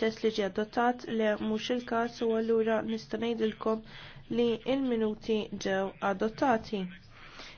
test li ġie adottat le mhux il-każ u allura nista' ngħidilkom li l minuti ġew adottati.